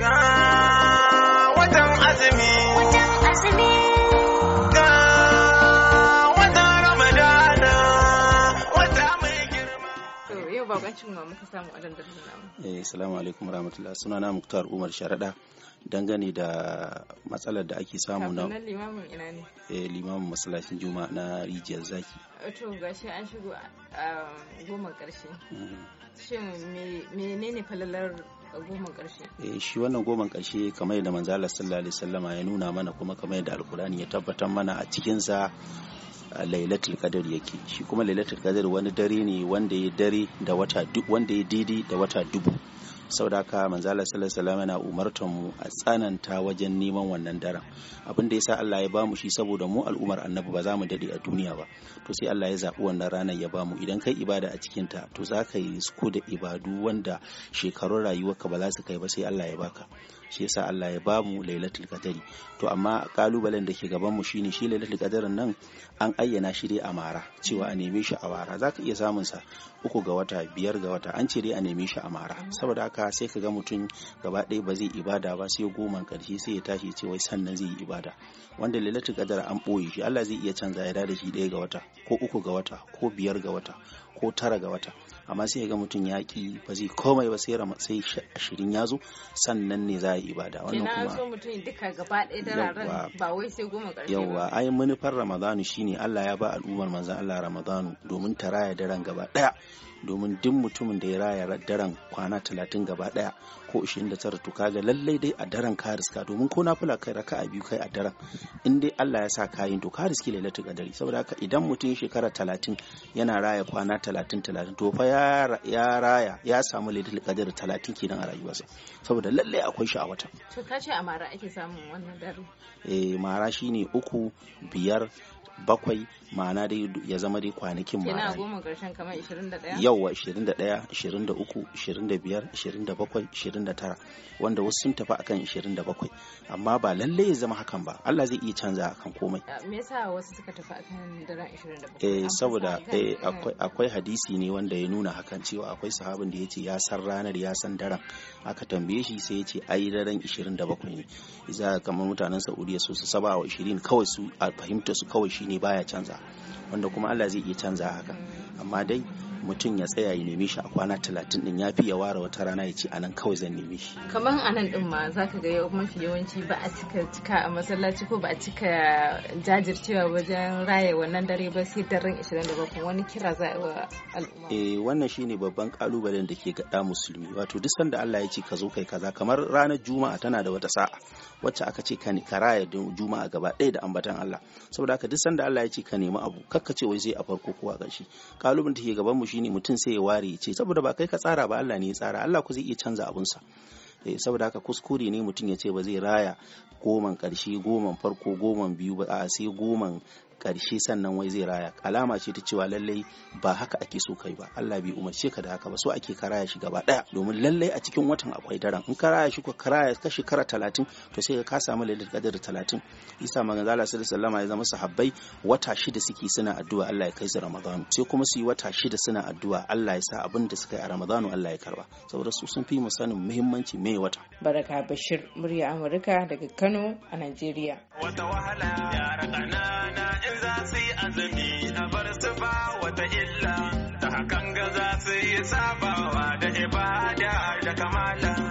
watan azumi. Watan azumi. na muka samu Eh alaikum rahmatullah. na Muktar Umar Sharada. dangane da matsalar da ake samu na limamin ina eh, limamin masallacin juma na rijiyar zaki to gashi an shigo a um, goma karshe mm. shin menene falalar Eh, shi wannan goman karshe kamar yadda manzo Allah sallallahu alaihi wasallama ya nuna mana kuma kamar yadda alkurani ya tabbatar mana a cikin sa lailatul qadar yake shi kuma lailatul kadar wani dare ne wanda ya dare da wata wanda ya didi da wata dubu saudaka haka manzala salasalama yana umartar mu a tsananta wajen neman wannan daren abin da sa Allah ya ba mu shi saboda mu al'umar annabi ba za mu dade a duniya ba to sai Allah ya zaɓi wannan ranar ya ba mu idan kai ibada a cikin ta to za ka yi da ibadu wanda shekarun rayuwarka ba za su kai ba sai Allah ya baka shi yasa Allah ya ba mu lailatul qadari to amma kalubalen da ke gaban mu shine shi lailatul qadarin nan an ayyana shi dai a mara cewa a neme shi a mara zaka iya samun sa uku ga wata biyar ga wata an cire a neme shi a mara saboda haka sai ka ga mutum gaba ɗaya ba zai ibada ba sai goma karshe sai ya tashi ce wai sannan zai yi ibada wanda lailatul qadar an boye shi Allah zai iya canza ya da shi ɗaya ga wata ko uku ga wata ko biyar ga wata ko tara ga wata amma sai ga mutum ya ki ba zai komai ba sai sai ashirin ya zo sannan ne za a yi ibada wannan kuma so mutum duka gaba ɗaya dararen ba wai sai goma ƙarshe yawa ayin manufar ramadanu shine Allah ya ba al'ummar manzon Allah ramadanu domin ta raya daren gaba ɗaya domin duk mutumin da ya raya daren kwana talatin gaba ɗaya ko 29 to kaga lallai dai a daren ka riska domin ko na fula kai raka'a a biyu kai a daren in dai Allah ya sa kayin to ka riski lailatul qadari saboda haka idan mutum shekara talatin yana raya kwana talatin talatin to fa ya raya ya samu lailatul qadar talatin kenan a rayuwarsa saboda lallai akwai shi a wata to ka ce a mara ake samun wannan dare eh mara shine uku biyar bakwai ma'ana dai ya zama dai kwanakin ma'ana goma karshen kamar biyar, ishirin da bakwai, ishirin da tara, wanda wasu sun tafi akan da bakwai amma ba lallai ya zama hakan ba Allah zai iya canza akan komai me yasa wasu suka tafi akan daren bakwai eh saboda eh akwai akwai hadisi ne wanda ya nuna hakan cewa akwai sahabin da ya ce ya san ranar ya san daren aka tambaye shi sai ya ce ai daren 27 ne a kamar mutanen saudiya su su saba wa 20 kawai su a fahimta su kawai ne baya canza wanda kuma Allah zai iya canza haka amma dai mutum ya tsaya ya neme shi a kwana talatin din ya fi ya ware wata rana ya ce a nan kawai zan neme shi kamar a nan din ma za ka ga mafi yawanci ba a cika cika a masallaci ko ba a cika jajircewa wajen raya wannan dare ba sai daren 27 wani kira za a wa al'umma eh wannan shine babban kalubalen da ke gaɗa musulmi wato duk sanda Allah ya ce ka zo kai kaza kamar ranar juma'a tana da wata sa'a wacce aka ce ka ka raya juma'a gaba ɗaya da ambatan Allah saboda haka duk sanda Allah ya ce ka nemi abu kakka ce wai sai a farko ko a ƙarshe kalubalen da ke gaban mu shine mutum sai ya ware ce saboda ba kai ka tsara ba Allah ne ya tsara Allah ku zai iya canza abunsa eh, saboda haka kuskure ne mutum ya ce ba zai raya goman karshe goman farko goman biyu ba a sai goman ƙarshe sannan wai zai raya alama ce ta cewa lallai ba haka ake so kai ba Allah bai umarce ka da haka ba so ake karaya shi gaba ɗaya domin lallai a cikin watan akwai daren in karaya shi ko karaya ka shekara talatin to sai ka samu lailatul qadr talatin isa manzo Allah da alaihi ya zama sahabbai wata shida suke suna addu'a Allah ya kai su Ramadan sai kuma su yi wata shida suna addu'a Allah ya sa abin da suka yi a Ramadan Allah ya karba saboda su sun fi mu sanin muhimmanci mai wata baraka bashir murya amurka daga Kano a Najeriya wata wahala ta illa ta hakan ga za su yi sabawa da ibada da kamala